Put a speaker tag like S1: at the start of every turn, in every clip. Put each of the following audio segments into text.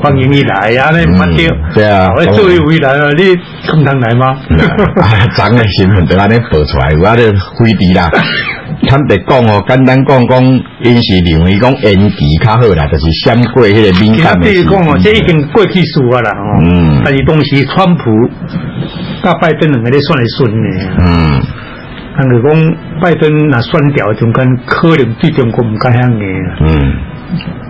S1: 歡迎你來呀！你唔發笑？
S2: 對、嗯嗯、啊，我終於
S1: 回來了，你經常來嗎？
S2: 哈、啊、哈，真、啊、嘅新聞都阿你報出來，我阿就回避啦。他們講哦，簡單講講，因是認為講演技較好啦，就是先過迄個門檻。其實講哦，這已經
S1: 過去數啊啦，哦，但是當時川普、大拜登兩個咧算係順嘅。嗯，但是講拜登那選票中間可能最終過唔開香嘅。嗯。就
S3: 是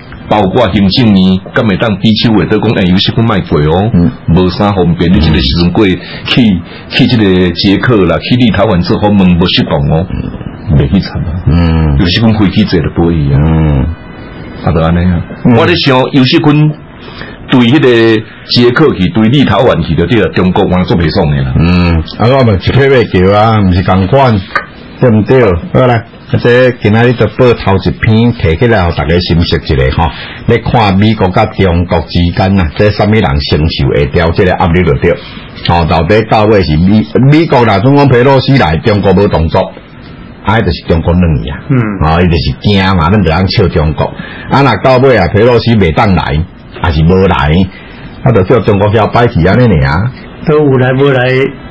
S4: 包括行政呢，咁咪當比丘會都講，尤秀坤賣鬼哦，無、欸、啥、嗯、方便。嗯、你即個時陣過去去即個捷克啦，去立陶宛做訪問不適當哦、喔，未去慘嗯，尤秀坤飛機坐的不一樣、嗯。啊，德安尼啊，嗯、我在想尤秀坤對迄個捷克去，對立陶宛去，就即個中國話做不爽的啦。
S2: 嗯，阿哥們，特別叫啊，唔、啊、是咁快。不對唔住，好啦，或者見下呢度報頭一篇，提起來大家信息一下，嗬、哦。你看美國加中國之間啊，即係什麼人承受下掉？即、這個壓力就對。哦，到底到尾是美美國啦，中央佩洛西來，中國冇動作，哎、啊，就是中國人呀，嗯，哦，伊就是驚嘛，恁哋人笑中國。啊，那到尾啊，佩洛西未當來，還是冇來，我哋叫中國叫擺事安尼哋啊，都有來，冇來。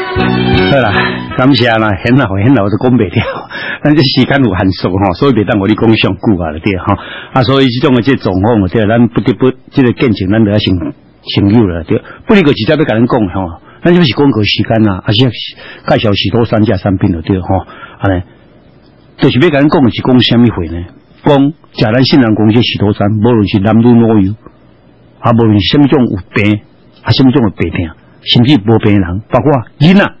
S1: 好啦，感謝啦，很好很好都講唔掉，但係 時間有限數，哈、哦，所以唔當我哋講上久啊，啲哈、哦，啊，所以即種嘅即狀況，我哋，咱不得不即、這個見證，咱都要成成友啦，對，是直接跟你哦、不能夠只在俾人講，哈、啊，咱即是廣告時間啦，而且介紹石頭山加產品啦，對，哈、哦，啊咧、就是，是要俾人講，是講咩貨呢？講食咱信任公司石頭山，無論是男女老幼，啊，無論咩種有病，啊，咩種有病痛，甚至無病的人，包括人啊。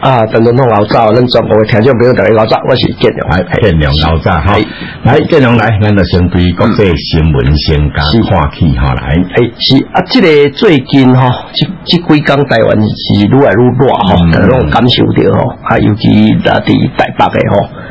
S2: 啊！等等，老早，老早，我們中國的聽眾朋友，唔用等你老早，我是建良，係、欸、建良，老早。哈，嚟、哦、建、欸、良，來，咱就先對國際新聞先講，先話起哈。來，誒、欸，是
S5: 啊，即、這個最近吼，即、哦、即幾日台灣是越來越熱哈，我、嗯、感受到，啊、嗯，尤其嗱啲台北的吼。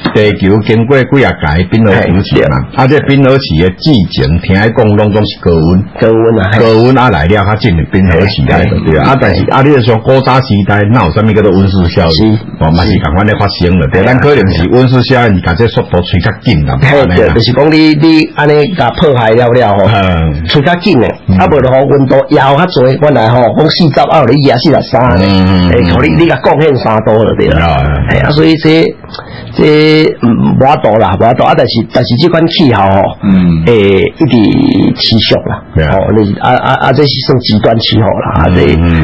S2: 地球經過幾啊屆冰河時期嘛，啊！即冰河期嘅之前，聽喺公眾都是高溫，高溫啊，啊，啊來了，佢進入冰河時代。對啊，啊，但是啊啲嘅時候古早時代，那有什麼叫做溫室效應？我咪是講話咧發生啦。但可能是溫、啊、室、啊、效應，佢只速度吹得緊啦。係，就是
S5: 講你你安尼打破壞了了，吹得緊嘅，啊！無論好溫度，然後佢做，我嚟講、哦、四十啊，你二啊四啊三，誒，所以你個貢獻差多咗啲啦。係啊，所以即。這無法度啦，無法度啊，但是但是這款氣候吼、哦，誒、嗯欸，一直持續啦、嗯，哦，你啊啊啊，這是算極端氣候啦，嗯、啊，這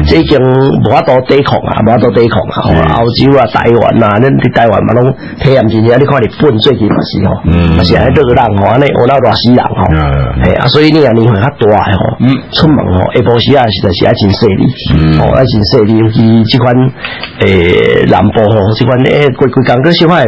S5: 這已經無法度抵抗啊，無法度抵抗啊，澳洲啊，台灣啊，恁哋台灣嘛攏體驗真正，汝看日本最近嘛是吼，嗯，嘛是係熱人吼，安尼我那多死人吼，係、嗯、啊，所以你啊，年份較大嘅吼、哦，嗯，出門吼、哦，下晡時啊，實在係真細膩，哦，真細膩。尤其這款誒、欸、南部吼，這款誒規規講句說話。欸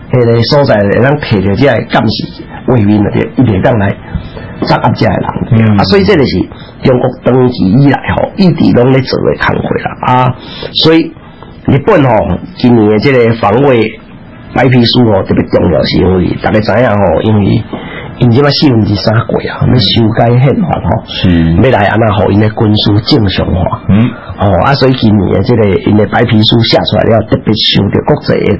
S5: 迄個所在的以這，會當提着遮軍事威嚴，阿只一點上來這，鎮壓遮個人。啊，所以這個是中國登基以來吼，一直攏咧做嘅工作啦。啊，所以日本吼、哦，今年嘅這個防衛白皮書吼特別重要是，是因為大家知影吼、哦，因為因只嘛四分之三過啊，要修改憲法吼，要來安那好，因嘅軍事正常化。嗯，哦啊，所以今年嘅這個因嘅白皮書寫出來了，特別受到國際。